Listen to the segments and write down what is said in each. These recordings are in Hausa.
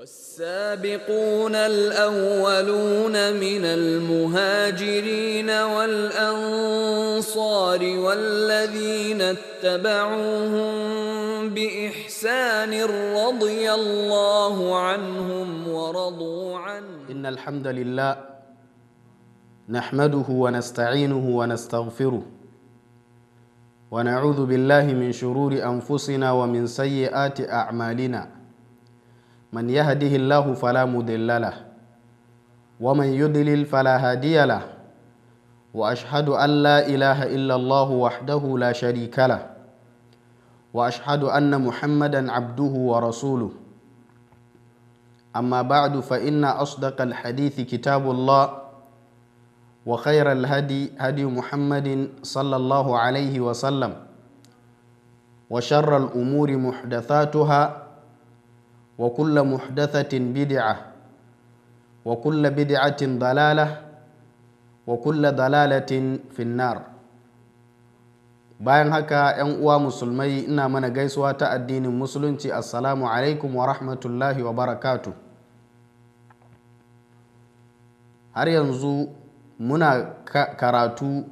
والسابقون الأولون من المهاجرين والأنصار والذين اتبعوهم بإحسان رضي الله عنهم ورضوا عنه إن الحمد لله نحمده ونستعينه ونستغفره ونعوذ بالله من شرور أنفسنا ومن سيئات أعمالنا من يهده الله فلا مضل له ومن يضلل فلا هادي له واشهد ان لا اله الا الله وحده لا شريك له واشهد ان محمدا عبده ورسوله اما بعد فان اصدق الحديث كتاب الله وخير الهدي هدي محمد صلى الله عليه وسلم وشر الامور محدثاتها وكل محدثة بدعة وكل بدعة ضلالة وكل ضلالة في النار bayan haka 'yan uwa musulmai ina mana gaisuwa ta addinin musulunci assalamu alaikum wa rahmatullahi wa barakatu har yanzu muna karatu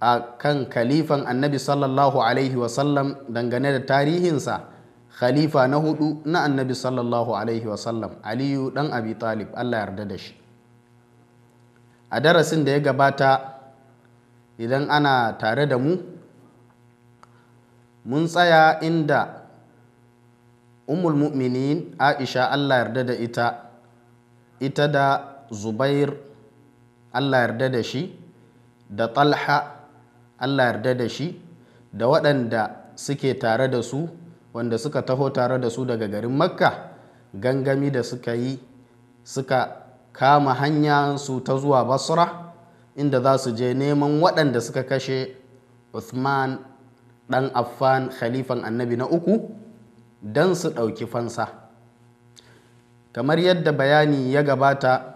a kan kalifan annabi sallallahu alaihi wasallam dangane da tarihinsa khalifa na hudu na annabi sallallahu alaihi wasallam aliyu dan abi talib allah yarda da shi a darasin da ya gabata idan ana tare da mu mun tsaya inda umul mu'minin aisha allah yarda da ita ita da zubair allah yarda da shi da talha allah yarda da shi da waɗanda suke tare da su wanda suka taho tare da su daga garin makka gangami da suka yi suka kama hanya su ta zuwa basra inda za su je neman waɗanda suka kashe usman ɗan affan khalifan annabi na uku don su ɗauki fansa kamar yadda bayani ya gabata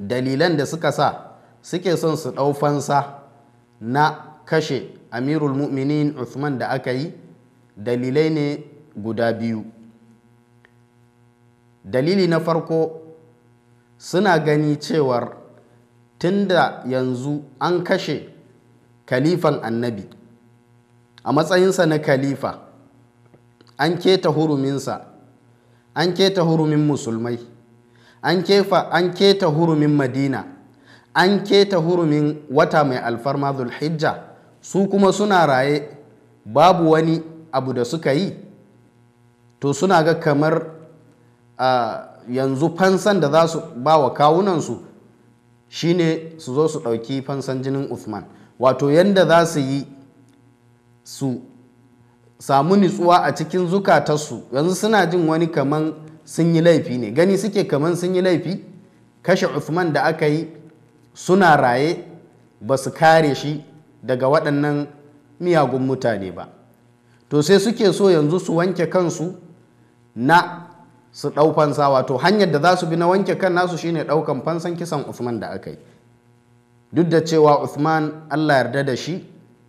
dalilan da suka sa suke son su ɗau fansa na kashe amirul mu'minin uthman da aka yi dalilai ne guda biyu dalili na farko suna gani cewar tunda yanzu an kashe kalifan annabi a matsayinsa na kalifa an keta huruminsa an keta hurumin musulmai an kefa keta hurumin madina an keta hurumin wata mai alfarma zulhijja su kuma suna raye babu wani abu da suka yi to suna ga kamar yanzu fansan da za su ba wa kawunansu shine su zo su ɗauki fansan jinin Uthman wato yadda za su yi su samu nitsuwa a cikin zukatarsu yanzu suna jin wani kaman sun yi laifi ne gani suke kaman sun yi laifi kashe usman da aka yi suna raye ba su kare shi daga waɗannan miyagun mutane ba to sai suke so yanzu su wanke kansu na su ɗau fansa wato hanyar da za su bi na wanke kan nasu shine ɗaukan fansan kisan Usman da aka yi duk da cewa Usman Allah yarda da shi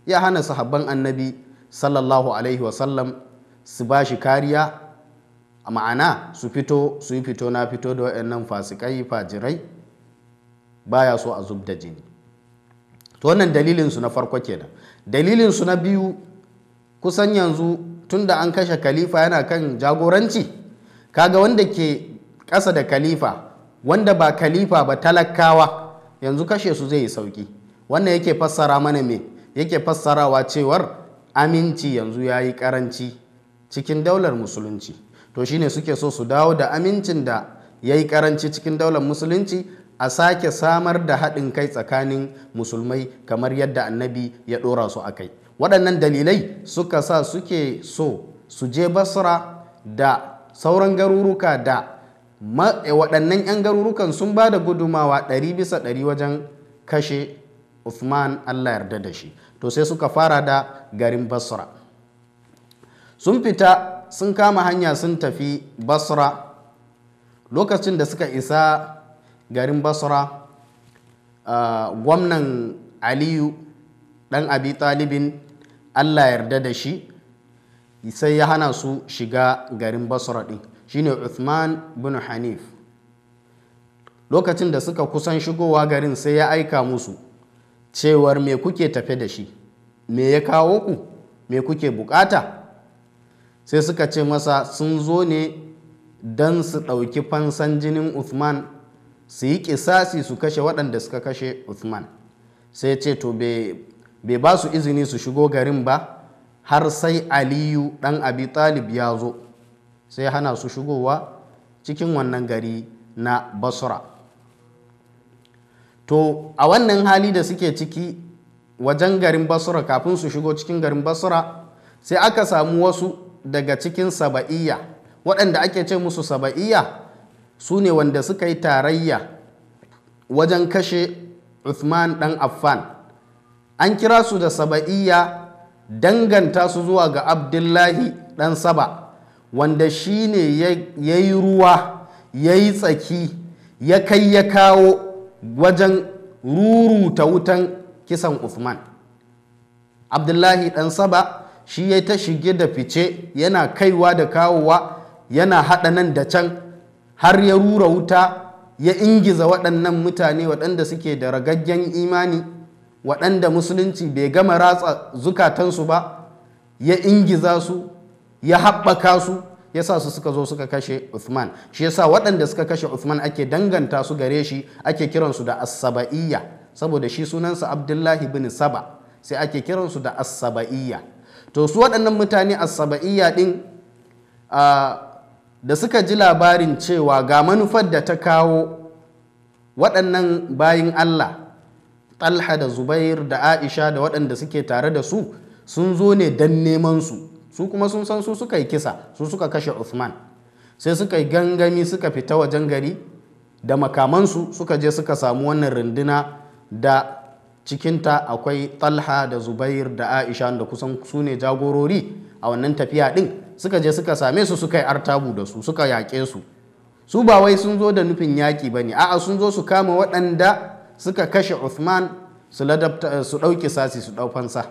ya hana sahabban annabi sallallahu alaihi wasallam su ba shi kariya a ma'ana su fito su yi fito na fito da waɗannan fasikai fajirai baya so a zub da jini to wannan dalilinsu na farko kenan dalilinsu na biyu kusan yanzu tun da an kashe khalifa yana kan jagoranci kaga wanda ke ƙasa da khalifa wanda ba khalifa ba talakawa yanzu kashe su zai yi sauki wannan yake fassara mana me yake fassarawa cewar aminci yanzu ya yi karanci cikin daular musulunci to shine suke so su dawo da amincin da ya yi karanci cikin daular musulunci a sake samar da haɗin kai tsakanin musulmai kamar yadda annabi ya ɗora su a kai waɗannan dalilai suka sa suke so su je basra da sauran garuruka da eh, waɗannan 'yan garurukan sun ba da gudumawa ɗari bisa ɗari wajen kashe Uthman Allah yarda da shi to sai suka fara da garin basra sun fita sun kama hanya sun tafi basra lokacin da suka isa garin basra uh, gwamnan aliyu ɗan abi talibin allah yarda da shi sai ya hana su shiga garin basra ɗin shine uthman bin hanif lokacin da suka kusan shigowa garin sai ya aika musu cewar me kuke tafe da shi me ya kawo ku me kuke bukata sai suka ce masa sun zo ne don su ɗauki fansan jinin uthman su yi kisasi su kashe waɗanda suka kashe uthman sai ce to be. bai ba su izini su shigo garin ba har sai aliyu dan abi talib ya zo sai hana su shigowa cikin wannan gari na basra to a wannan hali da suke ciki wajen garin basra kafin su shigo cikin garin basra sai aka samu wasu daga cikin saba'iyya waɗanda ake ce musu saba'iyya su ne wanda suka yi tarayya wajen kashe Uthman dan Affan an kira su da saba'iyya danganta su zuwa ga abdullahi Dan saba wanda shi ne ya yi ruwa ya yi tsaki ya kai ya kawo wajen ruruta wutan kisan Uthman. abdullahi Dan saba shi ya ta shige da fice yana kaiwa da kawowa yana haɗa nan da can har ya rura wuta ya ingiza waɗannan mutane waɗanda suke da ragaggen imani waɗanda musulunci bai gama ratsa zukatansu ba ya ingiza su ya haɓaka su ya sa su suka zo suka kashe Uthman shi yasa waɗanda suka kashe Uthman ake danganta su gare shi ake kiransu da asaba'iyya saboda shi sunansa Abdullahi bin Saba sai ake kiransu da asaba'iyya to su waɗannan mutane asaba'iyya ɗin da suka ji labarin cewa ga manufar da ta kawo waɗannan bayin Allah talha da zubair da aisha da waɗanda suke tare da su sun zo ne don neman su su kuma sun san su suka yi kisa su suka kashe Usman sai suka yi gangami suka fita wajen gari da makamansu suka je suka samu wannan runduna da cikinta akwai talha da zubair da aisha da kusan su ne jagorori a wannan tafiya ɗin suka je suka same su suka yi artabu da su suka yaƙe su su ba wai sun zo da nufin yaƙi ba ne a'a sun zo su kama waɗanda suka kashe Uthman su ɗauki sasi su ɗau fansa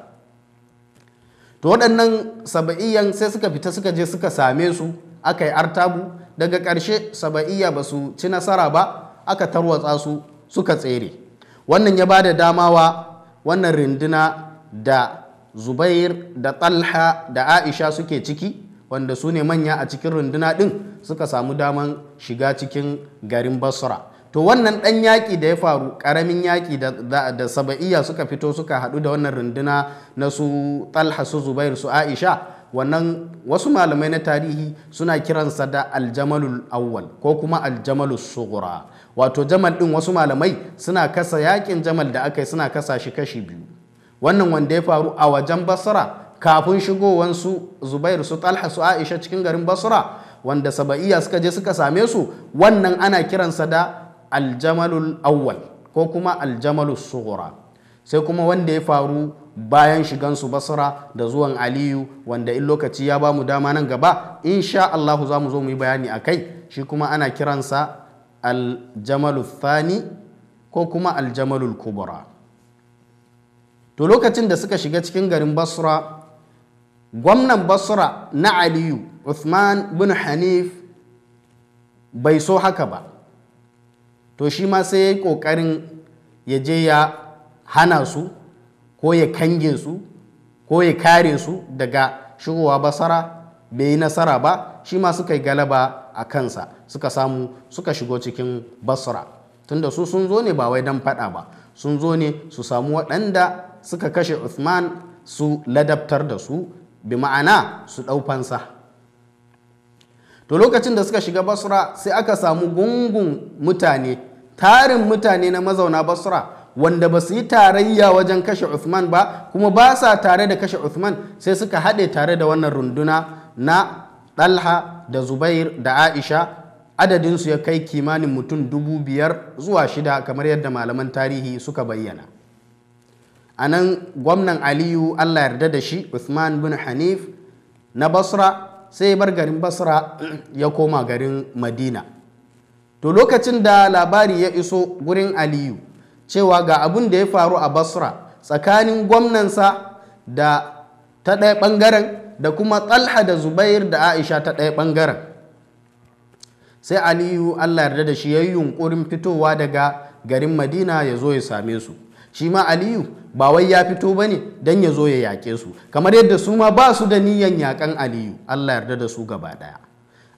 to waɗannan saba'iyyan sai suka fita suka je suka same su aka yi artabu daga ƙarshe saba'iya ba su ci nasara ba aka tarwatsa su suka tsere wannan ya ba da dama wa wannan rinduna da zubair da talha da aisha suke ciki wanda su ne manya a cikin runduna ɗin suka samu daman shiga cikin garin basra to wannan ɗan yaƙi da ya faru ƙaramin yaƙi da saba'iya suka fito suka haɗu da wannan runduna na su talha su zubair su aisha wannan wasu malamai na tarihi suna kiransa da aljamalul awwal ko kuma aljamalul sugura wato jamal ɗin wasu malamai suna kasa yaƙin jamal da aka yi suna kasa shi kashi biyu wannan wanda ya faru a wajen basra kafin shigowansu zubair su talha su aisha cikin garin basra wanda saba'iya suka je suka same su wannan ana kiransa da aljamalul awwal ko kuma Aljamalus sughra sai kuma wanda ya faru bayan shigan su basra da zuwan aliyu wanda in lokaci ya bamu dama nan gaba insha Allahu za mu zo mu yi bayani a kai shi kuma ana kiransa aljamalul thani ko kuma aljamalul kubra to lokacin da suka shiga cikin garin basra gwamnan basra na aliyu uthman bin hanif bai so haka ba to shi ma sai ya yi ƙoƙarin ya je ya hana su ko ya kange su ko ya kare su daga shigowa basara bai yi nasara ba shi ma suka yi galaba a kansa suka samu suka shigo cikin basara, tunda su sun zo ne ba wai don faɗa ba sun zo ne su samu waɗanda suka kashe Uthman su ladabtar da su bi ma'ana su ɗaufansa to lokacin da suka shiga basra sai aka samu gungun mutane tarin mutane na mazauna basra wanda ba su yi tarayya wajen kashe uthman ba kuma ba sa tare da kashe uthman sai suka haɗe tare da wannan runduna na ɗalha da zubair da aisha adadinsu ya kai kimanin mutum dubu biyar zuwa shida kamar yadda malaman tarihi suka bayyana a nan gwamnan aliyu allah yarda da shi uthman bin hanif na basra sai bar garin basra ya koma garin madina to lokacin da labari ya iso gurin aliyu cewa ga abin da ya faru a basra tsakanin gwamnansa da ta ɗaya ɓangaren da kuma Tsalha da zubair da aisha ta ɗaya ɓangaren sai aliyu allah yarda da shi ya yi yunkurin fitowa daga garin madina ya zo ya same su shi ma aliyu ba wai ya fito ba ne don ya zo ya yaƙe su kamar yadda su ma ba su da niyan yaƙan aliyu allah yarda da su gaba ɗaya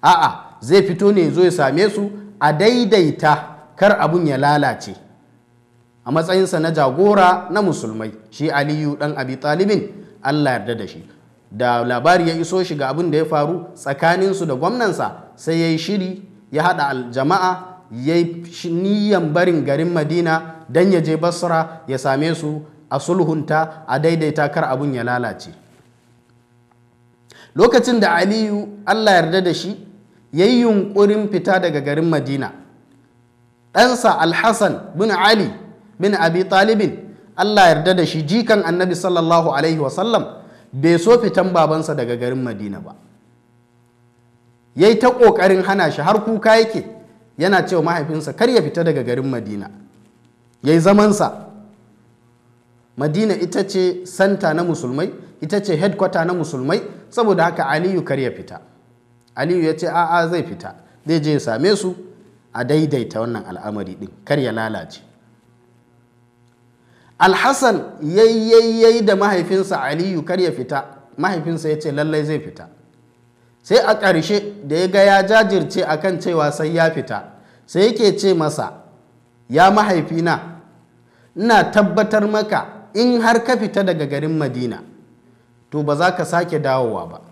a'a zai fito ne ya zo ya same su a daidaita kar abun ya lalace a matsayinsa na jagora na musulmai shi aliyu dan abi talibin allah yarda da shi da labari ya iso shiga abin da ya faru tsakaninsu da gwamnansa sai ya yi shiri ya hada aljama'a ya yi niyan barin garin madina don ya je basra ya same su a sulhunta a daidaita kar abun ya lalace lokacin da aliyu allah yarda da shi ya yi yunƙurin fita daga garin madina ɗansa alhassan bin ali bin abi talibin allah yarda da shi jikan annabi sallallahu alaihi wasallam bai so fitan babansa daga garin madina ba ya yi ta ƙoƙarin hana shi har kuka yake yana cewa mahaifinsa kar ya fita daga garin madina ya yi zamansa madina ita ce santa na musulmai ita ce headquarter na musulmai saboda haka aliyu kar ya fita aliyu ya ce a'a zai fita zai je ya same su a daidaita wannan al'amari din kar ya lalace alhassan yayyayyai da mahaifinsa aliyu kar ya fita mahaifinsa ya ce lallai zai fita sai a ƙarshe da ya ga ya jajirce kan cewa sai ya fita sai yake ce masa ya mahaifina ina tabbatar maka in har ka fita daga garin madina to ba za ka sake dawowa ba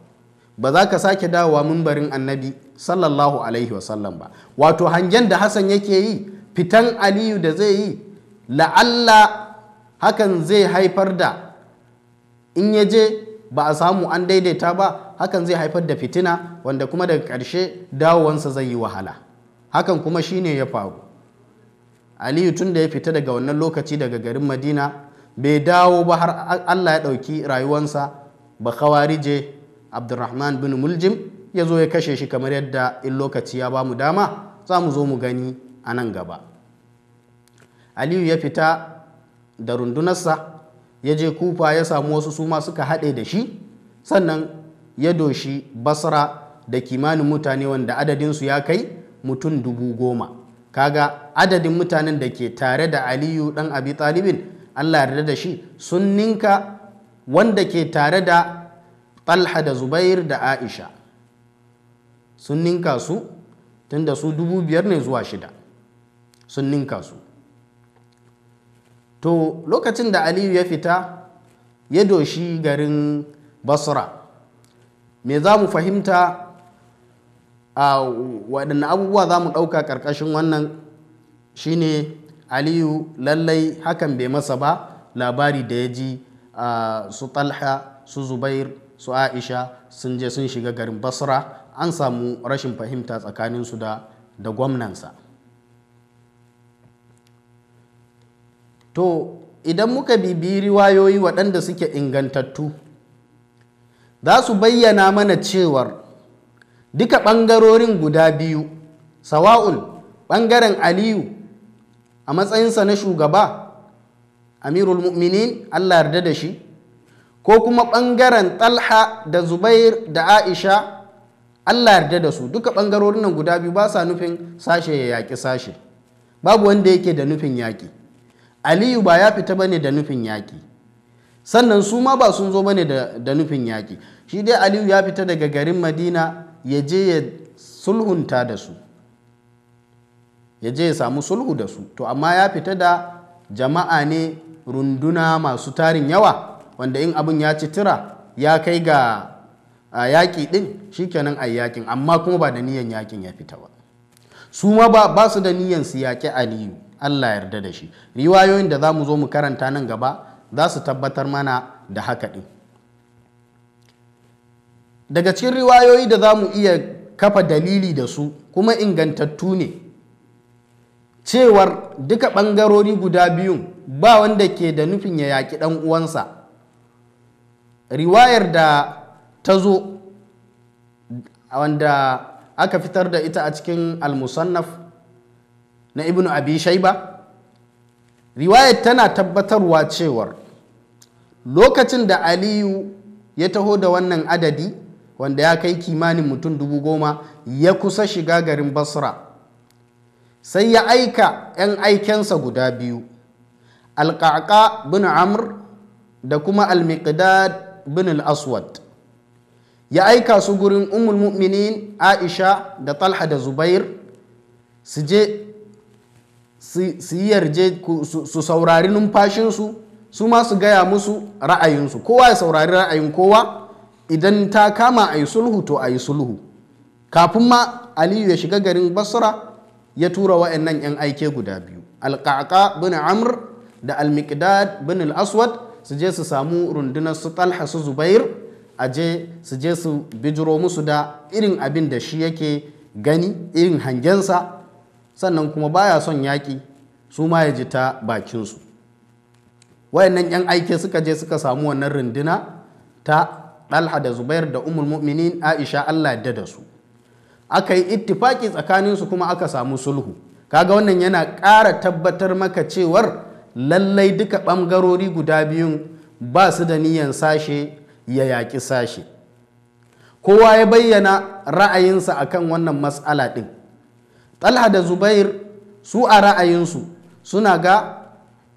ba za ka sake dawowa mimbarin annabi sallallahu alaihi wasallam ba wato hangen da hassan yake yi fitan aliyu da zai yi la'alla hakan zai haifar da in ya je ba a samu an daidaita ba hakan zai haifar da fitina wanda kuma daga ƙarshe dawowansa zai yi wahala hakan kuma shine ya faru aliyu tun da ya fita daga wannan lokaci daga garin madina bai dawo ba har allah ya ɗauki rayuwansa ba kawarije abdurrahman bin muljim ya zo ya kashe shi kamar yadda in lokaci ya ba mu dama za mu zo mu gani a nan gaba aliyu ya fita da rundunarsa ya je kufa ya samu wasu suma suka haɗe da shi sannan ya doshi basra da kimanin mutane wanda adadinsu ya kai mutum dubu goma kaga adadin mutanen da ke tare da aliyu dan abi talibin allah yarda da shi sun ninka wanda ke tare da talha da zubair da aisha sun ninka su tun da su dubu biyar ne zuwa shida sun ninka su to lokacin da aliyu ya fita ya doshi garin basra me za mu fahimta a waɗanne abubuwa za mu ɗauka ƙarƙashin wannan shine aliyu lallai hakan bai masa ba labari da ya ji su talha su zubair su aisha sun je sun shiga garin basra an samu rashin fahimta tsakaninsu da da gwamnansa to idan muka bibiyi riwayoyi waɗanda suke ingantattu za su bayyana mana cewar duka ɓangarorin guda biyu sawa'un ɓangaren aliyu a matsayinsa na shugaba amirul mu'minin allah yarda da shi ko kuma ɓangaren talha da zubair da aisha allah yarda da su duka ɓangarorin nan guda biyu ba sa nufin sashe ya yaƙi sashe babu wanda yake da nufin yaƙi aliyu ba ya fita bane da nufin yaƙi sannan su ma ba sun zo bane da nufin yaƙi shi dai aliyu ya fita daga garin madina ya je ya sulhunta da su ya je ya samu sulhu da su to amma ya fita da jama'a ne runduna masu tarin yawa wanda in abin ya ci tura ya kai ga yaƙi ɗin shikenan a yaƙin amma kuma ba da niyan yaƙin ya fita ba su ma ba su da niyan su yaƙi aliyu allah yarda da shi riwayoyin da za mu zo mu karanta nan gaba za su tabbatar mana da haka ɗin daga cikin riwayoyi da za mu iya kafa dalili da su kuma ingantattu ne cewar duka ɓangarori guda biyun ba wanda ke da nufin ya yaƙi ɗan uwansa riwayar da ta zo wanda aka fitar da ita a cikin al-musannaf na ibn abi shaiba riwayar tana tabbatarwa cewar lokacin da aliyu ya taho da wannan adadi wanda ya kai kimanin mutum dubu goma ya kusa shiga garin basra sai ya aika 'yan aikensa guda biyu alƙaƙa bin amr da kuma al-miqdad bin al-aswad ya aika su gurin umul mu'minin aisha da talha da zubair su je su yarje su saurari numfashinsu su ma su gaya musu ra'ayinsu kowa ya saurari ra'ayin kowa idan ta kama a yi sulhu to a yi sulhu kafin ma aliyu ya shiga garin basra ya tura wa'annan 'yan aike guda biyu alƙaƙa bin amr da almiqdad bin al-aswad su je su samu rundunar su talha su zubair a je su je su bijiro musu da irin abin da shi yake gani irin hangensa sannan kuma baya son yaƙi su ma ya ji ta bakinsu wayannan 'yan aike suka je suka samu wannan runduna ta ɗalha da zubair da umul mu'minin aisha allah yadda da su aka yi ittifaki tsakaninsu kuma aka samu sulhu kaga wannan yana ƙara tabbatar maka cewar lallai duka ɓangarori guda biyun ba su da niyan sashe ya yaƙi sashe kowa ya bayyana ra'ayinsa a kan wannan matsala ɗin talha da zubair su a ra'ayinsu suna ga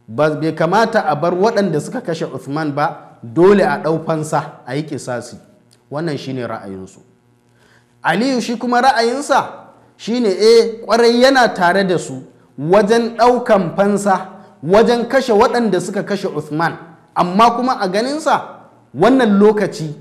bai kamata a bar waɗanda suka kashe Usman ba dole a ɗaufansa a yi kisasi wannan shine ra'ayinsu aliyu shi kuma ra'ayinsa shine e eh, kwarai yana tare da su wajen ɗaukan fansa wajen kashe waɗanda suka kashe Uthman amma kuma a ganinsa wannan lokaci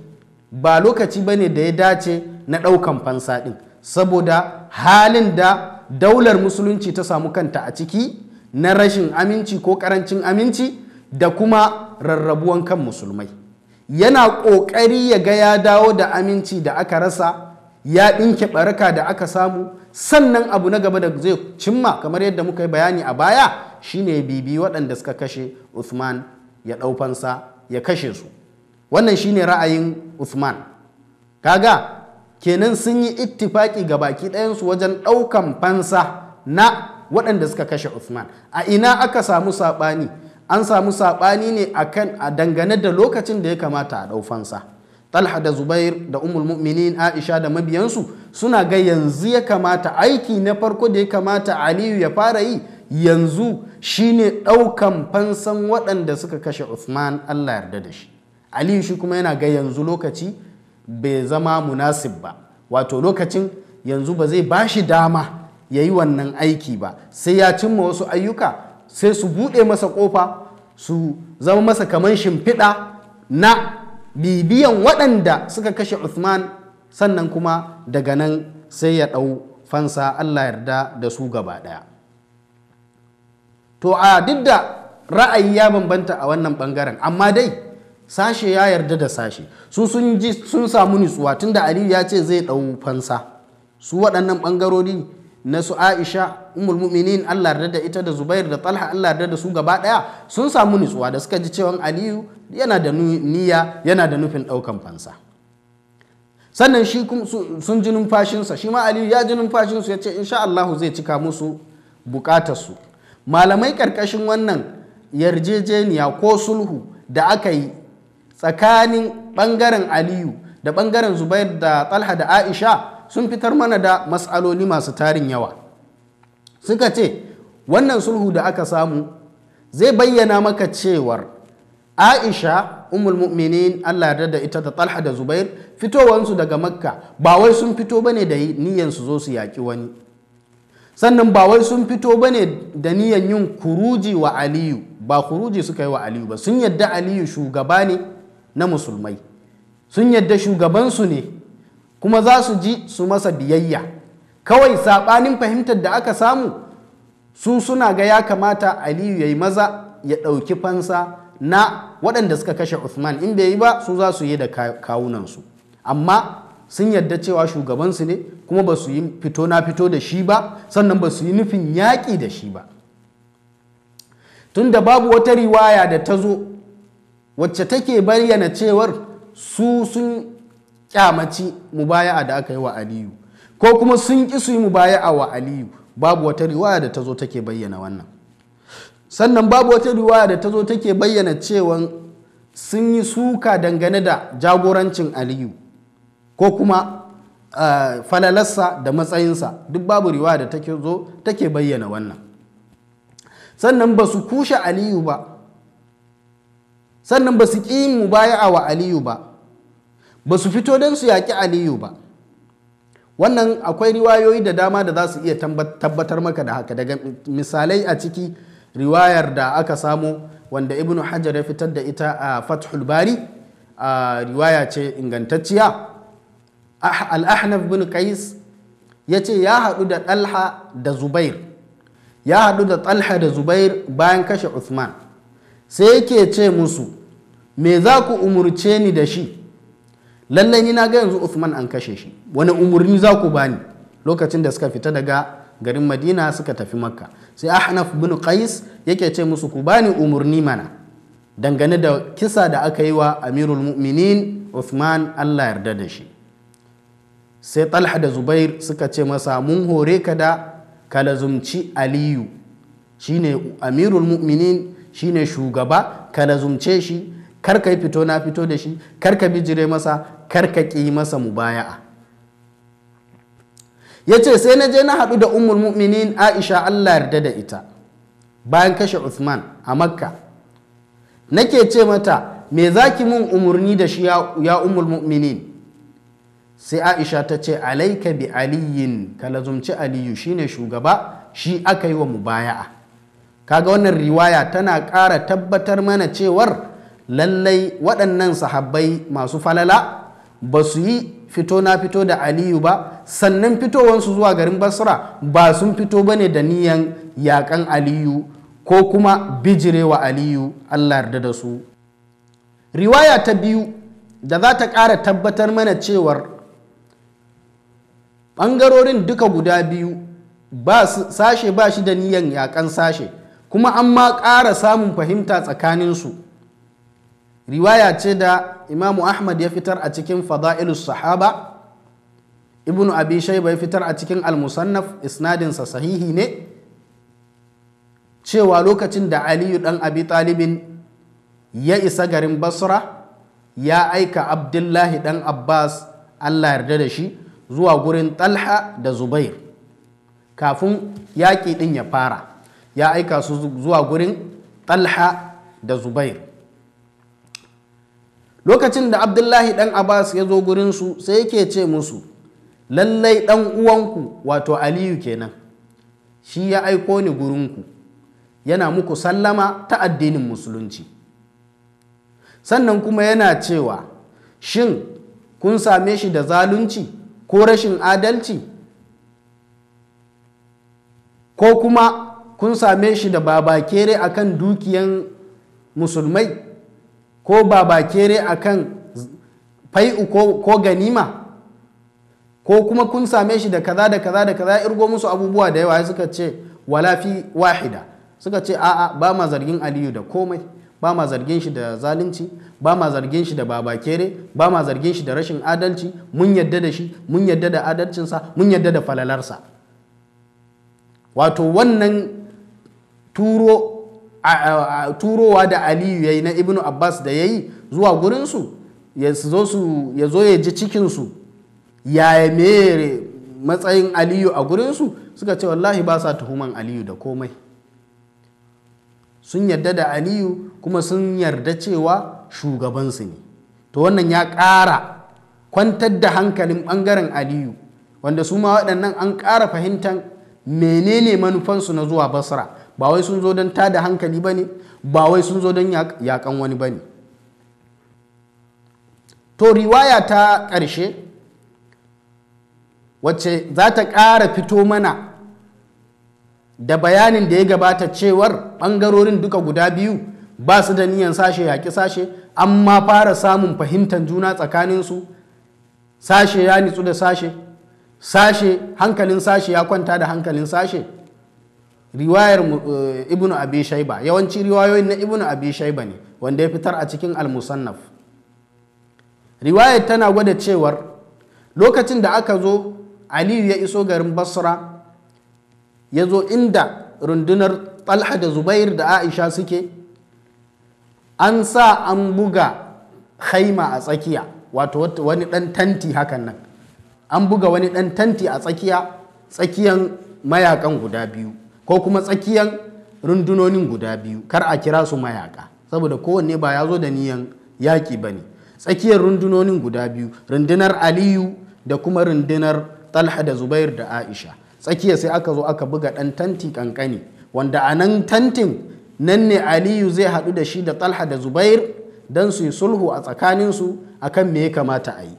ba lokaci ba ne da ya dace na ɗaukan fansa ɗin saboda halin da daular musulunci ta samu kanta a ciki na rashin aminci ko ƙarancin aminci da kuma rarrabuwan kan musulmai yana ƙoƙari ya ga ya dawo da aminci da aka rasa ya ɗinke ɓaraka da aka samu sannan abu na gaba da zai cimma kamar yadda muka yi bayani a baya shine bibi waɗanda suka kashe Usman ya ɗaufansa ya kashe su wannan shine ra'ayin Uthman kaga kenan sun yi ittifaki ga baki ɗayansu wajen ɗaukan fansa na waɗanda suka kashe Usman. a ina aka samu saɓani an samu saɓani ne akan a dangane da lokacin da ya kamata a ɗaufansa Talha da Zubair da umul Mu'minin Aisha da mabiyansu suna ga yanzu ya kamata aiki na farko da ya kamata Aliyu ya fara yi yanzu shine ɗaukan fansan waɗanda suka kashe Usman Allah yarda da shi Aliyu shi kuma yana ga yanzu lokaci bai zama munasib ba wato lokacin yanzu ba zai bashi dama ya yi wannan aiki ba sai ya cimma wasu ayyuka sai su buɗe masa ƙofa su zama masa kamar shimfiɗa na bibiyan waɗanda suka kashe Usman sannan kuma daga nan sai ya ɗau fansa Allah yarda da su gaba ɗaya to a duk da ra'ayi ya bambanta a wannan bangaren amma dai sashe ya yarda da sashe su sun ji sun samu nutsuwa tunda aliyu ya ce zai dau fansa su waɗannan bangarori na su aisha umul mu'minin allah da ita da zubair da talha allah da su gaba ɗaya sun samu nutsuwa da suka ji cewan aliyu yana da niyya yana da nufin ɗaukan fansa sannan shi sun ji numfashinsa shi ma aliyu ya ji numfashinsu ya ce insha allahu zai cika musu bukatarsu malamai ƙarƙashin wannan yarjejeniya ko sulhu da aka yi tsakanin ɓangaren aliyu da bangaren zubair da talha da aisha sun fitar mana da matsaloli masu tarin yawa suka ce wannan sulhu da aka samu zai bayyana maka cewar aisha umul mu'minin allah da ita da talha da zubair fitowansu daga makka ba wai sun fito bane da niyyar su zo su yaƙi wani sannan ba wai sun fito ba ne da niyan yin kuruji wa aliyu ba kuruji suka yi wa aliyu ba sun yadda aliyu shugaba ne na musulmai sun yadda shugabansu ne kuma za su ji su masa biyayya kawai saɓanin fahimtar da aka samu su suna ga ya kamata aliyu ya yi maza ya ɗauki fansa na waɗanda suka kashe Usman, in bai yi ba su za su yi da kawunansu amma sun yadda cewa shugabansu ne kuma ba su yi fito na fito da shi ba sannan ba su yi nufin yaƙi da shi ba tunda babu wata riwaya da ta zo wacce take bayyana cewar su sun kyamaci mubaya'a da aka yi wa aliyu ko kuma sun ƙi su yi mubaya'a wa aliyu babu wata riwaya da ta zo take bayyana wannan sannan babu wata riwaya da ta zo take bayyana cewa sun yi suka dangane da jagorancin aliyu ko kuma eh, falalarsa da matsayinsa duk babu riwa da take zo take bayyana wannan sannan ba su kushe aliyu ba sannan ba su ƙi mu baya wa aliyu ba ba su fito don su yaƙi aliyu ba wannan akwai riwayoyi da dama da za su iya tabbatar maka da haka daga misalai a ciki riwayar da aka samu wanda ibnu hajar ya fitar da ita a fathul bari a riwaya ce ingantacciya Ah, al'ahnaf bin qais ya ce ya haɗu da ɗalha da zubair ya haɗu da ɗalha da zubair bayan kashe usman sai yake ce musu me za ku umurce ni da shi lallai ni na ga yanzu usman an kashe shi wani umurni za ku bani lokacin da suka fita daga garin madina suka tafi makka sai ahnaf bin qais yake ce musu ku bani umurni mana dangane da kisa da aka yi wa amirul mu'minin uthman allah yarda da shi sai talha da zubair suka ce masa mun hore ka da kalazumci aliyu ne amirul mu'minin ne shugaba kalazumce shi kar yi fito na fito da shi kar ka bijire masa kar ka ƙi masa mubaya'a ya ce sai na je na haɗu da umul mu'minin aisha allah yarda da ita bayan kashe Usman a makka nake ce mata me za ki mun umarni da shi ya umul mu'minin sai aisha ta ce alaika bi aliyin ka lazumci aliyu shine shugaba shi aka yi wa mubaya'a kaga wannan riwaya tana ƙara tabbatar mana cewar lallai waɗannan sahabbai masu falala ba su yi fito na fito da aliyu ba sannan fitowansu zuwa garin basra ba sun fito ba ne da niyan yaƙan aliyu ko kuma bijirewa aliyu allah yarda da su riwaya ta biyu da za ta ƙara tabbatar mana cewar ɓangarorin duka guda biyu ba sashe ba shi da niyan yakan sashe kuma an ma ƙara samun fahimta tsakaninsu riwaya ce da imamu ahmad ya fitar a cikin fada'ilus sahaba ibnu abi shaiba ya fitar a cikin al isnadinsa sahihi ne cewa lokacin da aliyu dan abi talibin ya isa garin basra ya aika abdullahi dan abbas allah yarda da shi zuwa gurin talha da zubair kafin yaƙi ɗin ya fara ya aika su zuwa gurin talha da zubair lokacin da abdullahi ɗan abbas ya zo gurinsu sai yake ce musu lallai ɗan uwanku wato aliyu kenan shi ya aiko ni gurinku yana muku sallama ta addinin musulunci sannan kuma yana cewa shin kun same shi da zalunci ko rashin adalci ko kuma kun same shi da babakere a kan dukiyan musulmai ko babakere a kan fai'u ko ganima ko kuma kun same shi da kaza da kaza da kaza irgo musu abubuwa da yawa suka ce walafi wahida suka ce a'a ba ma zargin aliyu da komai ba ma zargin shi da zalunci ba ma zargin shi da babakere ba ma zargin shi da rashin adalci mun yadda da shi mun yadda da adalcinsa mun yadda da falalarsa wato wannan turo turowa da aliyu ya yi na ibnu abbas da ya yi zuwa gurinsu ya zo ya ji cikinsu ya mere matsayin aliyu a gurinsu suka ce wallahi ba sa tuhuman aliyu da komai sun yadda da aliyu kuma sun yarda cewa shugabansu ne to wannan ya ƙara kwantar da hankalin ɓangaren aliyu wanda su ma waɗannan an ƙara fahimtar menene manufansu na zuwa basra ba wai sun zo don tada hankali ba ne ba wai sun zo don yakan wani ba ne to riwaya ta ƙarshe wacce za ta ƙara fito mana da bayanin da ya gabata cewar ɓangarorin duka guda biyu ba su da niyan sashe yaƙi sashe amma fara samun fahimtar juna tsakanin su sashe ya nitsu da sashe sashe hankalin sashe ya kwanta da hankalin sashe riwayar Ibn eh, ibnu abi shaiba yawanci riwayoyin na ibnu abi shaiba ne wanda ya fitar a cikin al-musannaf riwayar tana gwada cewar lokacin da aka zo aliyu ya iso garin basra ya zo inda rundunar talha da zubair da aisha suke an sa an buga haima a tsakiya wato wani ɗan tanti hakan nan an buga wani ɗan tanti a tsakiya tsakiyan mayakan guda biyu ko kuma tsakiyan rundunonin guda biyu kar a kira su mayaka saboda kowanne ba ya zo da niyan yaƙi ba ne tsakiyar rundunonin guda biyu rundunar aliyu da kuma rundunar talha da zubair da aisha tsakiya sai aka zo aka buga ɗan tanti kankani wanda a nan tantin nan ne aliyu zai haɗu da shi da talha da zubair don su yi sulhu a tsakaninsu kan me ya kamata a yi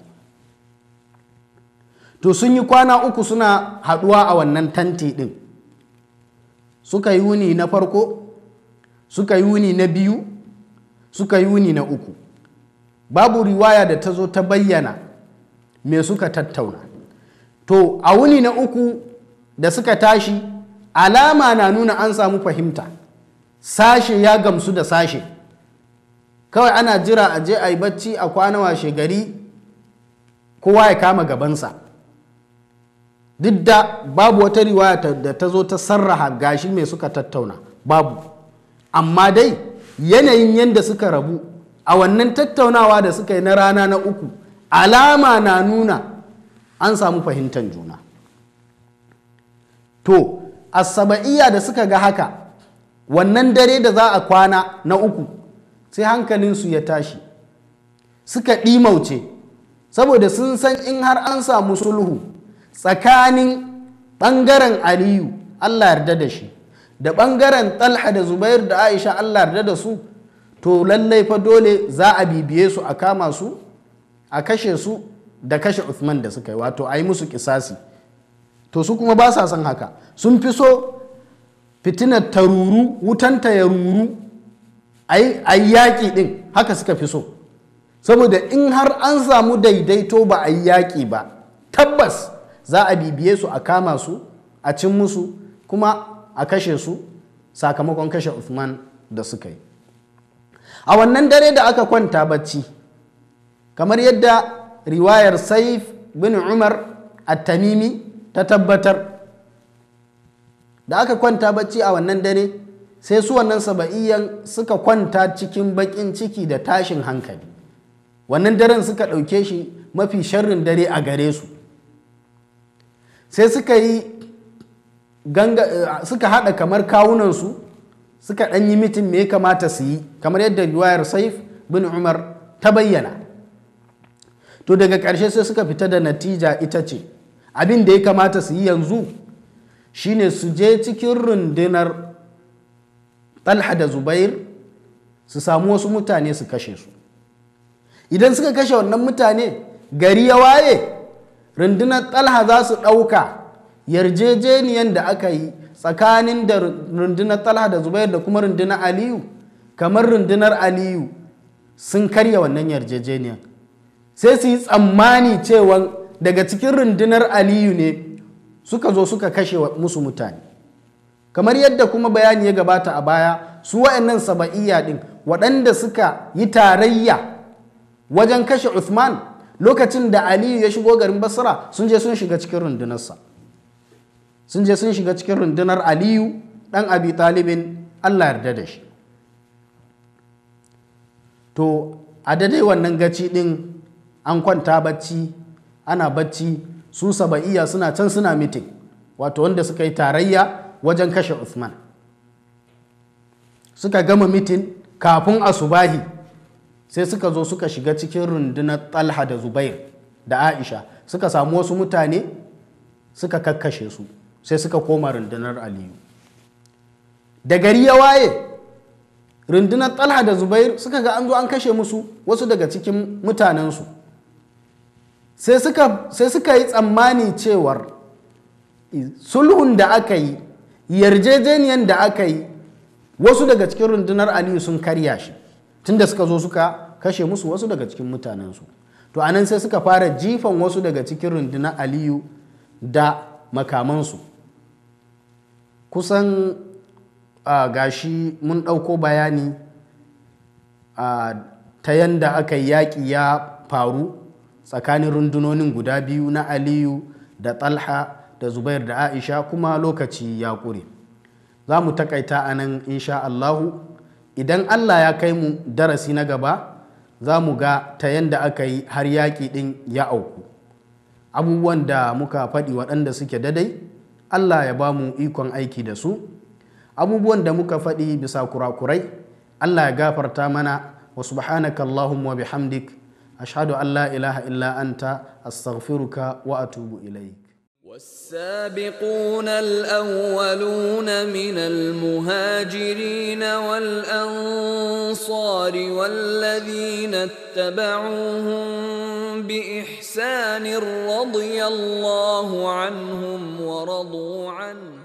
to sun yi kwana uku suna haɗuwa a wannan tanti ɗin suka yi wuni na farko suka yi wuni na biyu suka yi wuni na uku babu riwaya da ta zo ta bayyana me suka tattauna to a wuni na uku da suka tashi alama na nuna an samu fahimta sashe ya gamsu da sashe kawai ana jira a je ayi yi bacci a kwana washe gari kowa ya kama gabansa duk da babu wata riwaya da ta zo ta sarraha gashi mai suka tattauna babu amma dai yanayin yadda suka rabu a wannan tattaunawa da suka yi na rana na uku alama na nuna an samu fahimtar juna to a asaba'iyya da suka ga haka wannan dare da za a kwana na uku sai hankalinsu ya tashi suka ɗimauce saboda sun san in har an samu sulhu tsakanin ɓangaren aliyu allah yarda da shi da ɓangaren talha da zubair da aisha allah yarda da su to lallai fa dole za a bibiye su a kama su a kashe su da kashe Usman da suka yi wato a yi musu kisasi to su kuma ba sa son haka sun fi so fitinar ta ruru wutanta ya ruru a yaƙi ɗin haka suka fi so saboda in har an samu daidaito ba a yi yaƙi ba tabbas za a bibiye su a kama su a cin musu kuma a kashe su sakamakon kashe usman da suka yi a wannan dare da aka kwanta bacci kamar yadda riwayar saif bin umar at-tamimi ta tabbatar da aka kwanta bacci a wannan dare sai su wannan saba'iyan suka kwanta cikin baƙin ciki da tashin hankali wannan daren suka ɗauke shi mafi sharrin dare a gare su sai suka yi eh, suka haɗa kamar kawunansu suka ɗan yi mitin me kamata su yi kamar yadda riwayar saif bin umar ta bayyana to daga ƙarshe sai suka fita da natija ita ce abin da ya kamata su yi yanzu shine su je cikin rundunar talha da zubair su samu wasu mutane su kashe su idan suka kashe wannan mutane gari ya waye rundunar talha za su ɗauka yarjejeniyan da aka yi tsakanin da rundunar talha da zubair da kuma rundunar aliyu kamar rundunar aliyu sun karya wannan yarjejeniyan sai su yi tsammani cewa daga cikin rundunar aliyu ne suka zo suka kashe musu mutane kamar yadda kuma bayani ya gabata a baya su wa'annan saba'iyya din waɗanda suka yi tarayya wajen kashe Usman lokacin da Aliyu ya shigo garin Basra sun je sun shiga cikin rundunarsa sun je sun shiga cikin rundunar Aliyu ɗan Abi Talibin Allah yarda da shi to a dade wannan gaci din an kwanta bacci ana bacci su saba'iya suna can suna mitin wato wanda suka yi tarayya wajen kashe Usman suka gama mitin kafin asubahi sai suka zo suka shiga cikin rundunar talha da zubair da aisha suka samu wasu mutane suka kakkashe su sai suka koma rundunar aliyu da gari ya waye rundunar talha da zubair suka ga an zo an kashe musu wasu daga cikin mutanensu sai suka yi tsammani cewar sulhun da aka yi yarjejeniyar da aka yi wasu daga cikin rundunar aliyu sun karya shi tunda suka zo suka kashe musu wasu daga cikin mutanensu to anan sai suka fara jifan wasu daga cikin rundunar aliyu da makamansu kusan uh, gashi mun ɗauko bayani uh, ta yanda aka yi yaƙi ya faru tsakanin rundunonin guda biyu na aliyu da talha da zubair da aisha kuma lokaci ya ƙure za mu takaita a nan insha allahu idan allah ya kai mu darasi na gaba za mu ga ta yadda aka yi har yaƙi ɗin ya auku abubuwan da muka faɗi waɗanda suke dadai allah ya ba mu ikon aiki da su abubuwan da muka faɗi bisa kurakurai allah ya gafarta mana wa subhanakallahumma wa bihamdik أشهد أن لا إله إلا أنت أستغفرك وأتوب إليك والسابقون الأولون من المهاجرين والأنصار والذين اتبعوهم بإحسان رضي الله عنهم ورضوا عنه